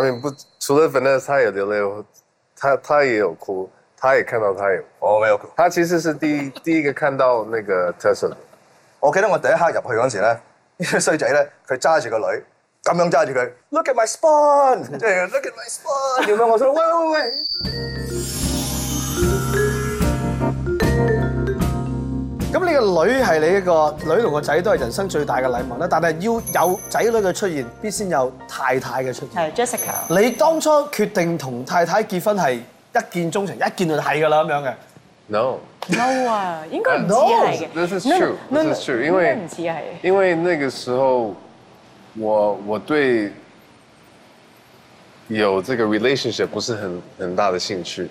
I mean, 不除了粉子，他有流淚，他他也有哭，他也看到，他有。哦，oh, 沒有哭，他其實是第一 第一個看到那個教授。我記得我第一刻入去嗰時咧，這個、呢個衰仔咧，佢揸住個女，咁樣揸住佢，Look at my spawn，即係 Look at my spawn， 然後我說喂喂喂。Wait, wait, wait 咁你個女係你一個女同個仔都係人生最大嘅禮物啦，但係要有仔女嘅出現，必先有太太嘅出現。係 Jessica。 你當初決定同太太結婚係一見鍾情，一見就係㗎啦咁樣嘅？No。No 啊，應該唔止係嘅。Uh, no。This is true. This is true. No, no, 因為 no. 因為那個時候，我我對有這個 relationship 不是很很大的興趣。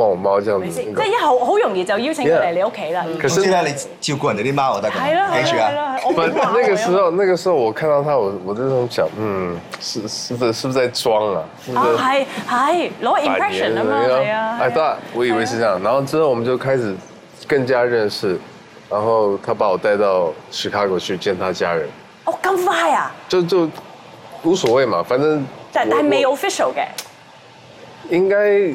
幫貓真係唔知，即係一好好容易就邀請佢嚟你屋企啦。可是咧，你照顧人哋啲貓，我覺得。係咯，係咯，係咯，係。我唔係。那個時候，那個時候我看到他，我我就想，嗯，是是，不是，是不是在裝啊？哦，係係攞 impression 啊嘛係啊。哎，對，我以為是這樣。然後之後，我們就開始更加認識。然後他把我帶到芝加哥去見他家人。哦，咁快啊，就就無所謂嘛，反正。但，但係未 official 嘅。應該。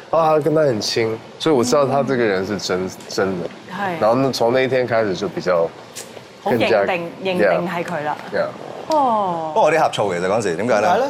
啊，跟他很親，所以我知道他這個人是真、嗯、真的。是的然後從那一天開始就比較好認定 yeah, 認定係佢啦 Yeah 哦，不過我啲呷醋其實嗰時點解咧？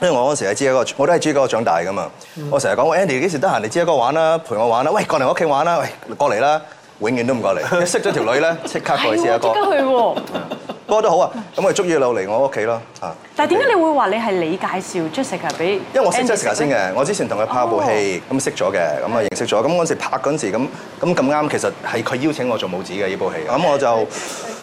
因為我嗰時係知阿哥，我都係知阿哥長大噶嘛。嗯、我成日講 Andy 幾時得閒，你知阿哥玩啦，陪我玩啦。喂，過嚟我屋企玩啦。喂，過嚟啦，永遠都唔過嚟。你識咗條女咧，即刻過嚟知阿哥。不過都好啊，咁佢捉住落嚟我屋企咯嚇。但係點解你會話你係你介紹 Jessica 俾？因為我識 Jessica 先嘅，我之前同佢拍部戲，咁識咗嘅，咁啊認識咗。咁嗰時拍嗰陣時，咁咁咁啱，其實係佢邀請我做武指嘅呢部戲，咁我就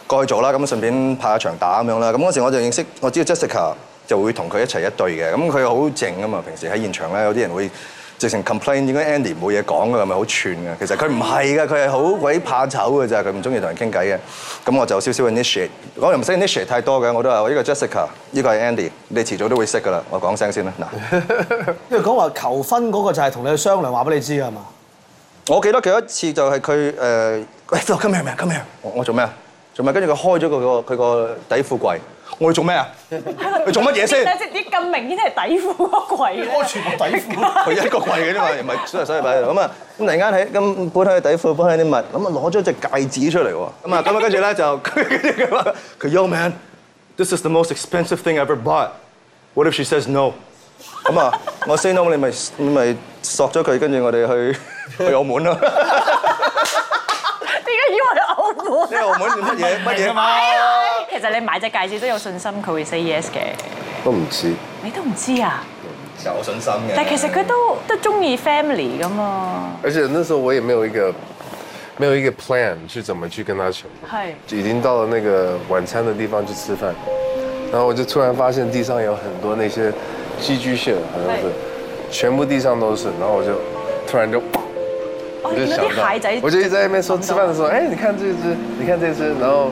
過去做啦。咁順便拍一場打咁樣啦。咁嗰時我就認識，我知道 Jessica 就會同佢一齊一對嘅。咁佢好靜啊嘛，平時喺現場咧，有啲人會。直情 complain 點解 Andy 冇嘢講㗎？係咪好串㗎？其實佢唔係㗎，佢係好鬼怕醜㗎咋，佢唔中意同人傾偈嘅。咁我就少少 initiate，我又唔識 initiate 太多嘅，我都係呢個 Jessica，呢個係 Andy，你遲早都會識㗎啦。我講聲先啦。嗱， 因為講話求婚嗰個就係同你商量話俾你知係嘛？我記得有一次就係佢誒，喂，come here，come here，我做咩啊？做咩？跟住佢開咗佢個佢個底褲櫃。我要做咩啊？你做乜嘢先？即係啲咁明顯係底褲嗰個櫃，啊、我全部底褲，佢一個櫃嘅啫嘛，唔係手手提袋度。咁啊，咁突然間喺咁擺喺啲底褲，擺喺啲物，咁啊攞咗隻戒指出嚟喎。咁啊，咁啊，跟住咧就佢，佢話：佢 Young Man，This is the most expensive thing I ever bought。What if she says no？咁啊，我 say no，你咪咪索咗佢，跟住我哋去去澳門啦。你而家以為澳門？去澳門做乜嘢？乜嘢啊？麼其實你買隻戒指都有信心佢會 say yes 嘅，都唔知。你都唔知啊？成日信心嘅、啊。但其實佢都都中意 family 㗎嘛。而且，那時候我也沒有一個沒有一個 plan 去怎麼去跟他求婚。係。已經到了那個晚餐的地方去吃飯，然後我就突然發現地上有很多那些寄居蟹，好像是，是全部地上都是。然後我就突然就我就想到到蟹仔。我就在那邊說，吃飯的時候，哎到、欸，你看這隻，你看這隻，然後。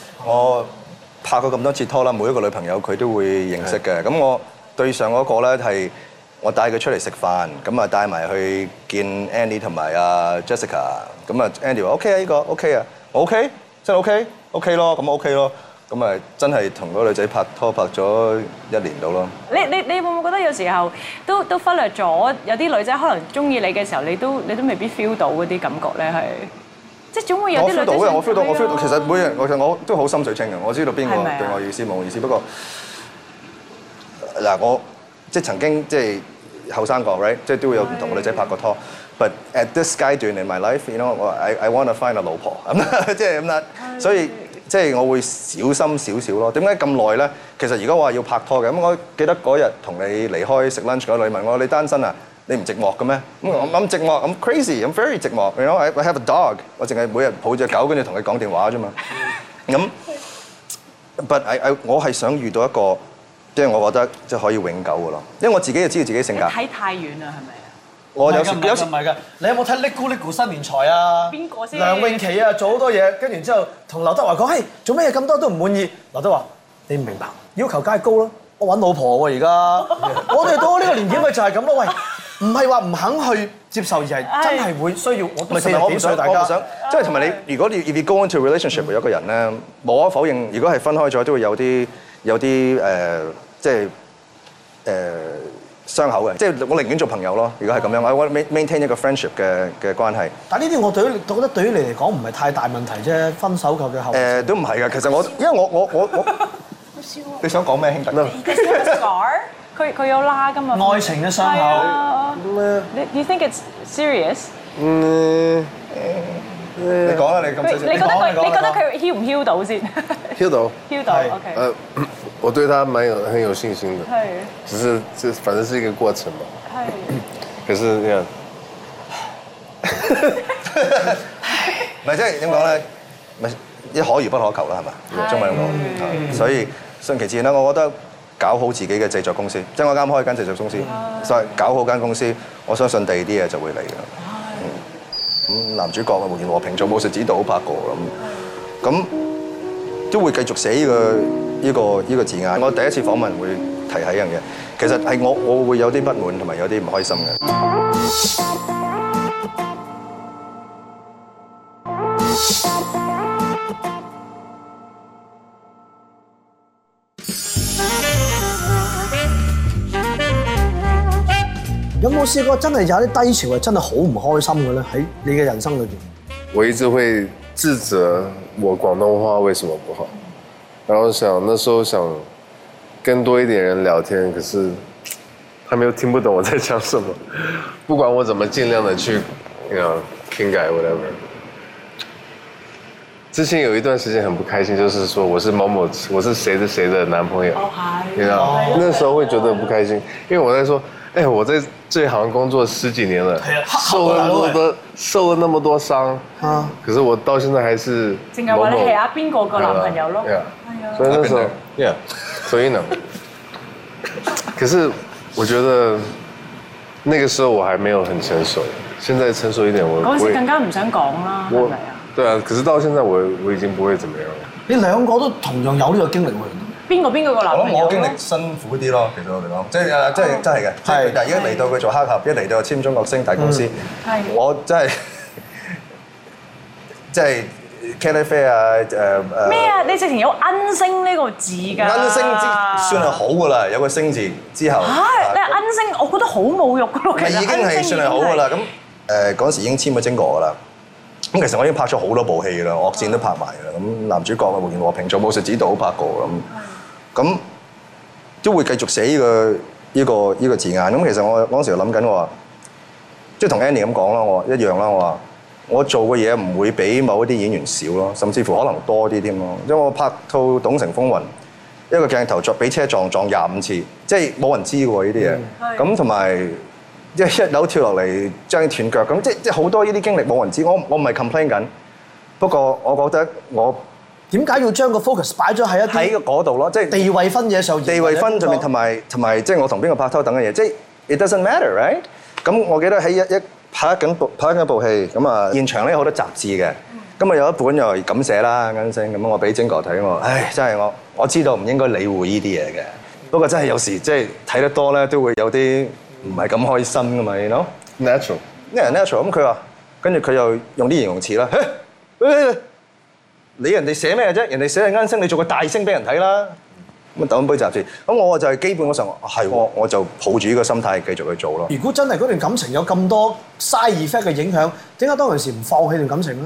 我拍過咁多次拖啦，每一個女朋友佢都會認識嘅。咁我對上嗰個咧係我帶佢出嚟食飯，咁啊帶埋去見 Andy、嗯、Andy 同埋啊 Jessica。咁、呢個、啊 Andy 話 OK 啊呢個 OK 啊，OK 即係 OK，OK 咯，咁啊 OK 咯。咁啊真係同嗰個女仔拍拖拍咗一年到咯。你你你會唔會覺得有時候都都忽略咗有啲女仔可能中意你嘅時候，你都你都未必 feel 到嗰啲感覺咧係？即係總會有啲人，我 feel 到嘅，我 feel 到，我 feel 到，到。其實每樣，其實我都好心水清嘅，我知道邊個嗎對我意思冇意思。不過嗱，我即係曾經即係後生過，right，即係都會有唔同嘅女仔拍過拖。But at this stage, 是的 段，a g in my life, you know, I I want to find a 老婆咁是的 即係咁啦。所以，是的 所以即係我會小心少少咯。點解咁耐咧？其實如果話要拍拖嘅，咁我記得嗰日同你離開食 lunch 嗰女問我，你你單身啊。你唔寂寞嘅咩？咁我我寂寞，我 crazy，我 very 寂寞，你 k w 我 have a dog，我淨係每日抱住狗跟住同佢講電話啫嘛。咁不，我係想遇到一個，即係我覺得即係可以永久嘅咯。因為我自己就知道自己性格。睇太遠啦，係咪我有時有時唔係㗎。你有冇睇 i 叻姑叻姑新年財啊？邊個先？梁詠琪啊，做好多嘢，跟住之後同劉德華講，嘿，做咩嘢咁多都唔滿意？劉德華，你唔明白？要求梗皆高啦，我揾老婆喎而家。我哋到呢個年紀咪就係咁咯，喂！唔係話唔肯去接受，而係真係會需要。我都係咁想，大家想。即係同埋你，如果你如果你 go into relationship 一個人咧，無可否認，如果係分開咗，都會有啲有啲誒，即係誒傷口嘅。即係我寧願做朋友咯。如果係咁樣，我我 maintain 一個 friendship 嘅嘅關係。但係呢啲我對於覺得對於你嚟講唔係太大問題啫。分手後嘅後。誒都唔係嘅。其實我因為我我我我，你笑你想講咩，兄弟？你而家傷口，佢佢有拉㗎嘛？愛情嘅傷口。你 you think it's serious？嗯，你講下你咁細聲，你講覺得佢，你覺得佢 heal 唔 heal 到先？heal 到？heal 到？OK。呃，我對他滿有很有信心嘅，係。只是，就反正是一個過程嘛。係。可是，呢？哈唔哈！係。咪即係點講咧？咪一可遇不可求啦，係嘛？中文所以順其自然啦，我覺得。搞好自己嘅製作公司，即係我啱開間製作公司，所以搞好間公司，我相信第二啲嘢就會嚟㗎。嗯，咁男主角嘅袁和平做武術指導好拍過咁，咁都會繼續寫呢個呢個呢個字眼。我第一次訪問會提起樣嘢，其實係我我會有啲不滿同埋有啲唔開心嘅。我試過真係有啲低潮，係真係好唔開心嘅咧。喺你嘅人生裏邊，我一直會自責我廣東話為什麼不好，嗯、然後想，那時候想跟多一點人聊天，可是他們又聽不懂我在講什麼。不管我怎麼盡量的去，you know，聊天 whatever。之前有一段時間很不開心，就是說我是某某，我是誰的誰的男朋友，你知道，那時候會覺得不開心，oh, hi. 因為我在說。哎，hey, 我在這行工作十幾年了，啊、受了多，黑黑受了那麼多傷，啊、嗯！可是我到現在還是懵懵，點解你係阿邊個嘅男朋友咯？所以呢？所以呢？可是，我覺得，那個時候我還沒有很成熟，現在成熟一點我，我嗰時更加唔想講啦，係咪啊？是是對啊，可是到現在我，我已經不會怎麼樣了。你兩個都同樣有呢個經歷喎。邊個邊個個難我經歷辛苦啲咯，其實我哋講，即係即係真係嘅。但係一嚟到佢做黑客，一嚟到簽中國星大公司，我真係即係 can y feel 啊？誒咩啊？你直情有恩星呢個字㗎。恩星算係好㗎啦，有個星字之後，你恩星，我覺得好侮辱㗎咯。係已經係算係好㗎啦。咁誒嗰時已經簽咗《精果》㗎啦。咁其實我已經拍咗好多部戲啦，《惡戰》都拍埋㗎啦。咁男主角啊，胡言和平做武後指導拍過咁。咁都會繼續寫呢個呢個呢個字眼。咁其實我嗰時諗緊我話，即係同 Annie 咁講啦，我一樣啦，我話我做嘅嘢唔會比某一啲演員少咯，甚至乎可能多啲添咯。因為我拍套《董城風雲》，一個鏡頭作俾車撞撞廿五次，即係冇人知喎呢啲嘢。咁同埋一一樓跳落嚟將佢斷腳，咁即係即係好多呢啲經歷冇人知。我我唔係 complain 緊，不過我覺得我。點解要將個 focus 擺咗喺一喺個嗰度咯？即係地位分嘢時候，就是、地位分上面同埋同埋，即係、就是、我同邊個拍拖等嘅嘢。即、就、係、是、it doesn't matter，right？咁我記得喺一一拍緊部拍緊一部戲，咁啊現場咧好多雜誌嘅，咁啊有一本又係咁寫啦，啱先咁我俾晶哥睇我，唉真係我我知道唔應該理會呢啲嘢嘅，不過真係有時即係睇得多咧，都會有啲唔係咁開心噶嘛，你 know？Natural，natural，咁佢話，跟住佢又用啲形容詞啦，哎哎你人哋寫咩啫？人哋寫你啱聲，你做個大聲俾人睇啦。咁啊，倒杯雜先。咁我就係基本嗰陣，係我我就抱住呢個心態繼續去做咯。如果真係嗰段感情有咁多 side effect 嘅影響，點解當陣時唔放棄段感情咧？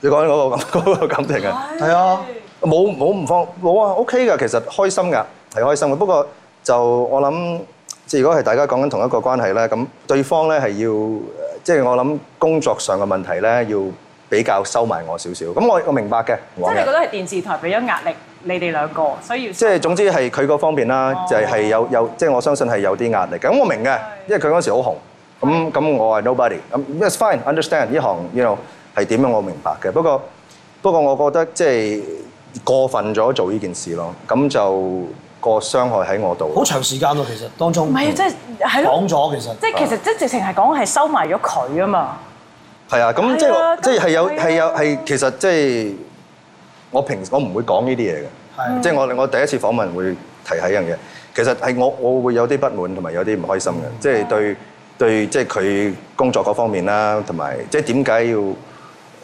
你講緊嗰個嗰個感情啊？係啊是，冇冇唔放冇啊，OK 嘅，其實開心嘅係開心嘅。不過就我諗，即係如果係大家講緊同一個關係咧，咁對方咧係要即係我諗工作上嘅問題咧要。比較收埋我少少，咁我我明白嘅。即係你覺得係電視台俾咗壓力，你哋兩個所以要。即係總之係佢嗰方面啦，就係係有有，即係我相信係有啲壓力嘅。咁我明嘅，因為佢嗰時好紅，咁咁我係 nobody，咁 that's fine，understand 呢行，you know 係點樣我明白嘅。不過不過我覺得即係過分咗做呢件事咯，咁就個傷害喺我度。好長時間咯，其實當中。唔係啊，即係係咯。講咗其實。即係其實即係直情係講係收埋咗佢啊嘛。係啊，咁即係、哎、呀即係係有係有係，其實即、就、係、是、我平時我唔會講呢啲嘢嘅，的即係我我第一次訪問會提起一樣嘢，其實係我我會有啲不滿同埋有啲唔開心嘅，即係、嗯、對對即係佢工作嗰方面啦，同埋即係點解要誒咁、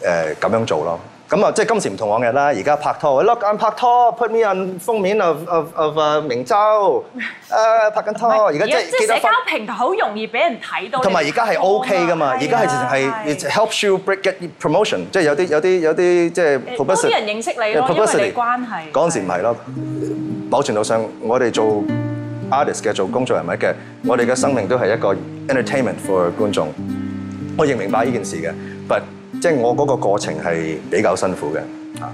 呃、樣做咯？咁啊，即係今時唔同往日啦！而家拍拖，look，I'm 拍拖，put me on 封面 of of of 明州，誒拍緊拖，而家即係即係。社交平台好容易俾人睇到。同埋而家係 OK 㗎嘛？而家係係 helps you break get promotion，即係有啲有啲有啲即係。好多人認識你，因為關係。嗰陣時唔係咯，某程度上我哋做 artist 嘅，做公眾人物嘅，我哋嘅生命都係一個 entertainment for 觀眾。我認明白呢件事嘅，but。即係我嗰個過程係比較辛苦嘅，嚇！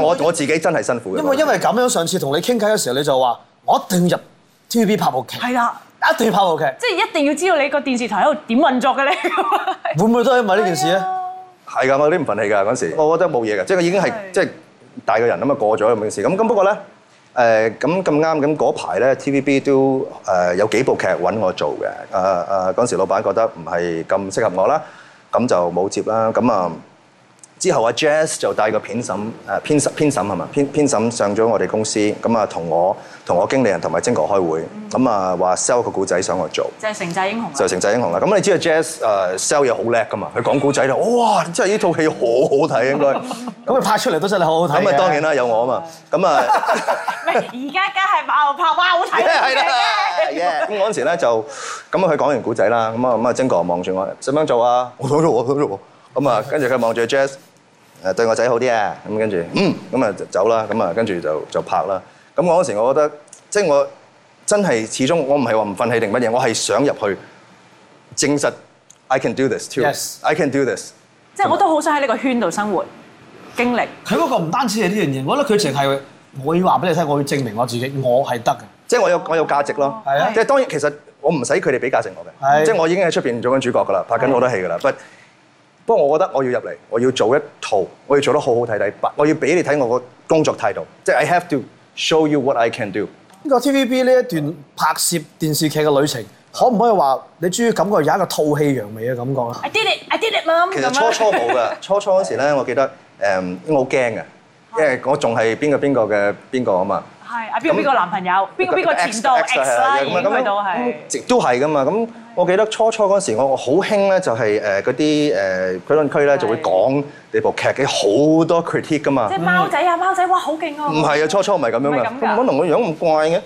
我我自己真係辛苦嘅。因為因為咁樣，上次同你傾偈嘅時候，你就話我一定要入 TVB 拍部劇，係啦，一定要拍部劇會會，即係一,一,一定要知道你個電視台喺度點運作嘅咧。會唔會都係因為呢件事啊？係㗎，我有啲唔忿氣㗎嗰陣時。我覺得冇嘢㗎，即係已經係即係大個人啦嘛，過咗咁嘅事。咁咁不過咧，誒咁咁啱咁嗰排咧，TVB 都誒有幾部劇揾我做嘅。誒誒，嗰陣時老闆覺得唔係咁適合我啦。咁就冇接啦。咁啊，之後阿 Jazz 就帶個片審，誒編審係嘛？編、編審上咗我哋公司，咁啊同我同我經理人同埋精哥開會，咁啊話 sell 個古仔想我做，就係《城寨英雄》。就係《城寨英雄》啦。咁你知道 Jazz 誒、呃、sell 嘢好叻㗎嘛？佢講古仔就哇，即係呢套戲好好睇應該。咁佢 拍出嚟都真係好好睇。咁啊當然啦，有我啊嘛。咁啊 那。 而家梗係爆拍花好睇啦，係啦。咁我嗰時咧就咁啊，佢講完古仔啦，咁啊咁啊，晶哥望住我，使點做啊？我攞到我攞到，咁啊，跟住佢望住 Jazz，對我仔好啲啊！咁跟住嗯，咁啊走啦，咁啊跟住就就拍啦。咁我嗰時我覺得，即係我真係始終我唔係話唔忿氣定乜嘢，我係想入去證實 I can do this too、yes. I can do this。即係我都好想喺呢個圈度生活經歷。佢嗰個唔單止係呢樣嘢，我覺得佢淨係。我要話俾你聽，我要證明我自己，我係得嘅。即係我有我有價值咯。係啊、哦。即係當然，其實我唔使佢哋俾價值我嘅。係的。即係我已經喺出邊做緊主角㗎啦，拍緊好多戲㗎啦。But 不過我覺得我要入嚟，我要做一套，我要做得很好好睇睇。我要俾你睇我個工作態度。即、就、係、是、I have to show you what I can do。呢個 TVB 呢一段拍攝電視劇嘅旅程，可唔、嗯、可以話你終於感覺有一個吐氣揚眉嘅感覺啊？I did it, I did it 啦、嗯。其實初初冇㗎， 初初嗰時咧，我記得誒，um, 因為我好驚㗎。因為我仲係邊個邊個嘅邊個啊嘛？係啊，邊個邊個男朋友？邊個邊個前度？ex 啦，前度係。都係噶嘛？咁我記得初初嗰時，我我好興咧，就係誒嗰啲誒討論區咧，就會講你部劇嘅好多 critic 噶嘛。即係貓仔啊，貓仔哇，好勁啊！唔係啊，初初唔係咁樣嘅。允龍個樣咁怪嘅。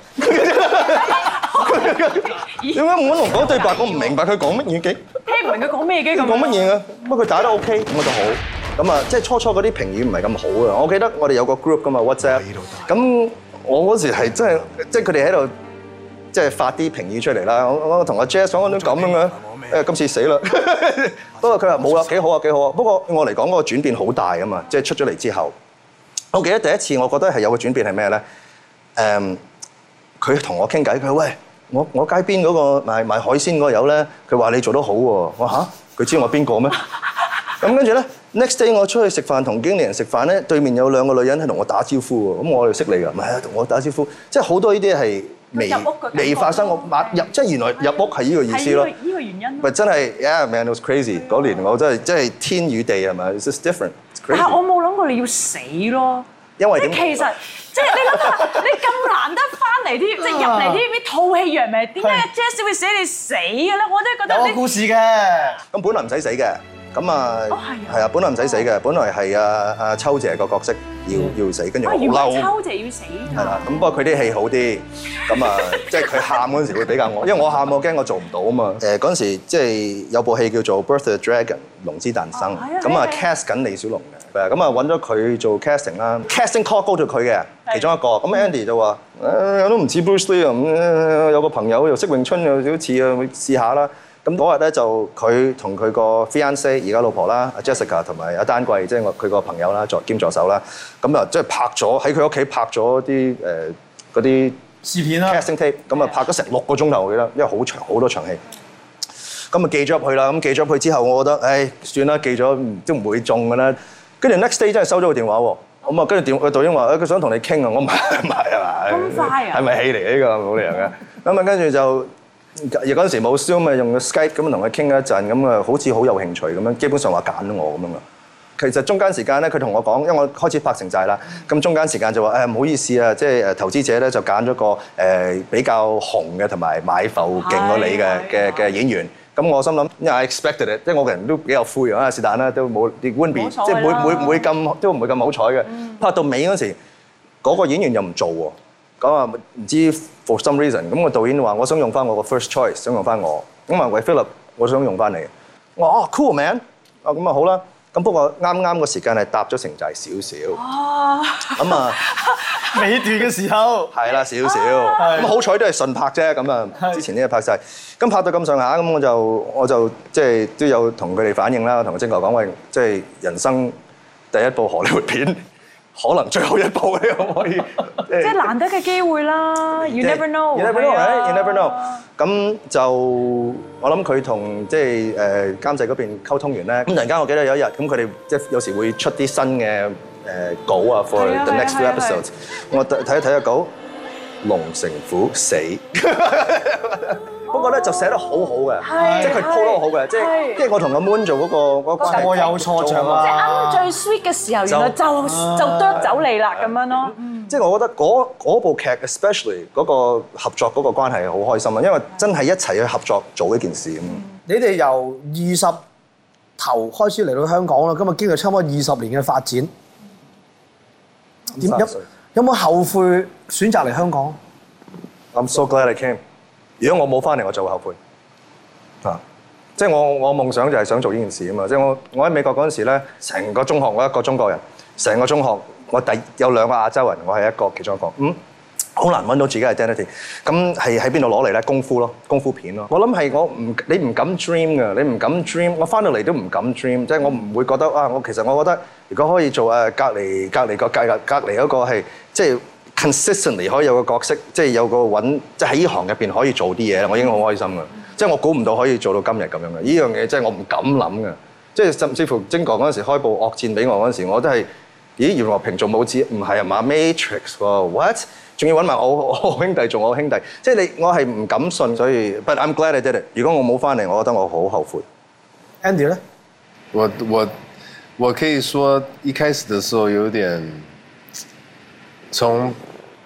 點解允龍講對白？我唔明白佢講乜嘢嘅。聽唔明佢講咩嘅咁。講乜嘢啊？不過佢打得 OK，咁就好。咁啊，即係初初嗰啲評語唔係咁好啊！我記得我哋有個 group 噶嘛 WhatsApp，咁我嗰時係真係，即係佢哋喺度，即係發啲評語出嚟啦。我我同阿 Jazz 講緊咁樣，誒今次死啦、啊！不過佢話冇啦，幾好啊幾好啊！不過我嚟講嗰個轉變好大㗎嘛，即係出咗嚟之後，我記得第一次我覺得係有個轉變係咩咧？誒、嗯，佢同我傾偈，佢話：喂，我我街邊嗰、個賣賣海鮮嗰友咧，佢話你做得好喎。我嚇，佢知我邊個咩？咁跟住咧，next day 我出去食飯，同經理人食飯咧，對面有兩個女人係同我打招呼喎。咁我哋識你㗎，唔係同我打招呼，即係好多呢啲係未未發生，我入即係原來入屋係呢個意思咯。呢個原因唔真係，yeah man，it was crazy。嗰年我真係真係天與地係咪？It's different，it's crazy。但我冇諗過你要死咯，因為其實即係你諗下，你咁難得翻嚟啲即係入嚟啲咩套戲入咩點解 Jazz 會寫你死㗎咧？我真係覺得有故事嘅，咁本來唔使死嘅。咁啊，係啊，本來唔使死嘅，本來係啊，阿秋姐個角色要要死，跟住好嬲，秋姐要死。係啦，咁不過佢啲戲好啲，咁啊，即係佢喊嗰陣時會比較我，因為我喊我驚我做唔到啊嘛。嗰陣時即係有部戲叫做《Birth of the Dragon 龍之誕生》，咁啊 cast 緊李小龍嘅，咁啊揾咗佢做 casting 啦，casting call 高咗佢嘅其中一個，咁 Andy 就話我都唔似 Bruce Lee 咁，有個朋友又識詠春又少少似啊，去試下啦。咁嗰日咧就佢同佢個 fiance 而家老婆啦，阿 Jessica 同埋阿丹桂，即係我佢個朋友啦助兼助手啦，咁啊即係拍咗喺佢屋企拍咗啲誒嗰啲試片啦、啊、casting tape，咁啊的拍咗成六個鐘頭我記得，因為好長好多場戲，咁啊、嗯、寄咗入去啦，咁寄咗去之後，我覺得誒算啦，寄咗都唔會中㗎啦。跟住 next day 真係收咗個電話喎，咁啊跟住電話個導演話佢想同你傾啊，我唔係唔係係啊！係咪戲嚟嘅呢個冇理由嘅？咁啊跟住就。又嗰陣時冇 Zoom 嘅，用個 Skype 咁同佢傾一陣咁啊，好似好有興趣咁樣，基本上話揀咗我咁樣啊。其實中間時間咧，佢同我講，因為我開始拍城寨啦。咁中間時間就話誒唔好意思啊，即係誒投資者咧就揀咗個誒比較紅嘅同埋買浮勁過你嘅嘅嘅演員。咁是的、嗯、我心諗因為 I expected it，即係我個人都比較灰啊，是但啦，都冇啲即係每唔、啊、會唔會咁都唔會咁好彩嘅。拍到尾嗰陣時，嗰、嗰個演員又唔做喎。咁啊，唔知 for some reason，咁個導演話：我想用翻我個 first choice，想用翻我。咁啊，Philip，我想用翻你。我，oh, 哦，cool man，啊咁啊好啦。咁不過啱啱個時間係搭咗城寨少少。啊、oh. 就。咁啊。尾段嘅時候，係啦，少少。咁、ah. 好彩都係順拍啫，咁啊，之前呢一拍晒，咁是拍到咁上下，咁我就我就即係、就是、都有同佢哋反應啦，同個正哥講話，即、就、係、是、人生第一部荷里活片。可能最後一步咧，可唔可以？即係難得嘅機會啦，You never know，You never know，You never know。咁就我諗佢同即係誒監製嗰邊溝通完咧，咁突然間我記得有一日，咁佢哋即係有時會出啲新嘅誒稿啊，for the next episodes。我睇一睇個稿，龍城虎死。不過咧就寫得好好嘅，即係佢鋪得好嘅，即係跟住我同阿 Moon 做嗰個嗰個關係，我有錯長啊！即係啱最 sweet 嘅時候，原來就就 drop 走你啦咁樣咯。即係我覺得嗰部劇 especially 嗰個合作嗰個關係好開心啊，因為真係一齊去合作做一件事咁。你哋由二十頭開始嚟到香港啦，今日經歷差唔多二十年嘅發展，點有冇後悔選擇嚟香港？I'm so glad I came. 如果我冇翻嚟，我就會後悔啊！即係我我夢想就係想做呢件事啊嘛！即係我我喺美國嗰陣時咧，成個中學我一個中國人，成個中學我第有兩個亞洲人，我係一個其中一個，嗯，好難揾到自己嘅 identity。咁係喺邊度攞嚟咧？功夫咯，功夫片咯。我諗係我唔你唔敢 dream 㗎，你唔敢 dream。我翻到嚟都唔敢 dream，即係我唔會覺得啊！我其實我覺得如果可以做誒隔離隔離個隔隔隔離嗰個係即係。Consistently 可以有個角色，即、就、係、是、有個揾，即係喺呢行入邊可以做啲嘢，我已經好開心嘅，即係、mm hmm. 我估唔到可以做到今日咁樣嘅。呢樣嘢即係我唔敢諗嘅，即、就、係、是、甚至乎曾哥晶哥嗰陣時開部惡戰俾我嗰陣時，我都係咦，袁和平做武指唔係啊嘛？Matrix 喎、oh,what？仲要揾埋我我，我兄弟做我兄弟，即、就、係、是、你我係唔敢信，所以。But I'm glad I did it。如果我冇翻嚟，我覺得我好後悔。Andy 咧呢，我我我可以說，一開始嘅時候有點從。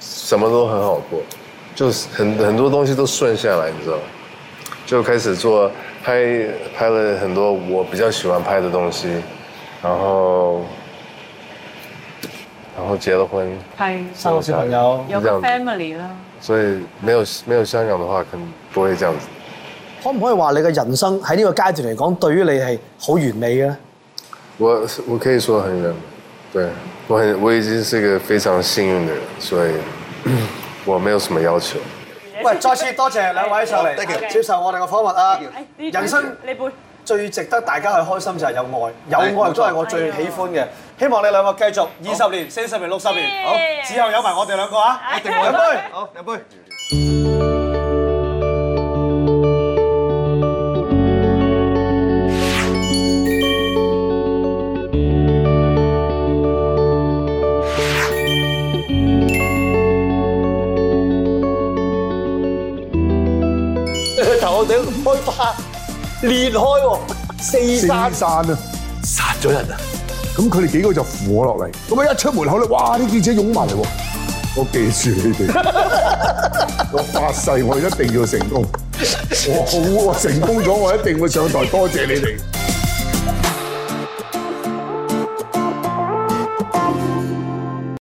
什麼都很好過，就是很很多東西都順下來，你知道嗎？就開始做拍拍了很多我比較喜歡拍的東西，然後然後結了婚，拍生對小朋友有個，有 family 啦。所以沒有沒有香港的話，可能不會這樣子。可唔可以話你嘅人生喺呢個階段嚟講，對於你係好完美嘅？我我可以說很完美，對。我我已經是一個非常幸運的人，所以我沒有什麼要求。喂，再次多謝兩位上嚟，接受我哋嘅訪問啊！人生，呢杯最值得大家去開心就係有愛，有愛都係我最喜歡嘅。希望你兩個繼續二十年、四十年、六十年，好，以後有埋我哋兩個啊！一定一杯，好，一杯。裂開喎，四散啦，殺咗山人啊！咁佢哋幾個就扶我落嚟，咁啊一出門口咧，哇啲記者湧埋嚟喎，我記住你哋， 我發誓我一定要成功，我好，我成功咗我一定會上台多謝，謝你哋。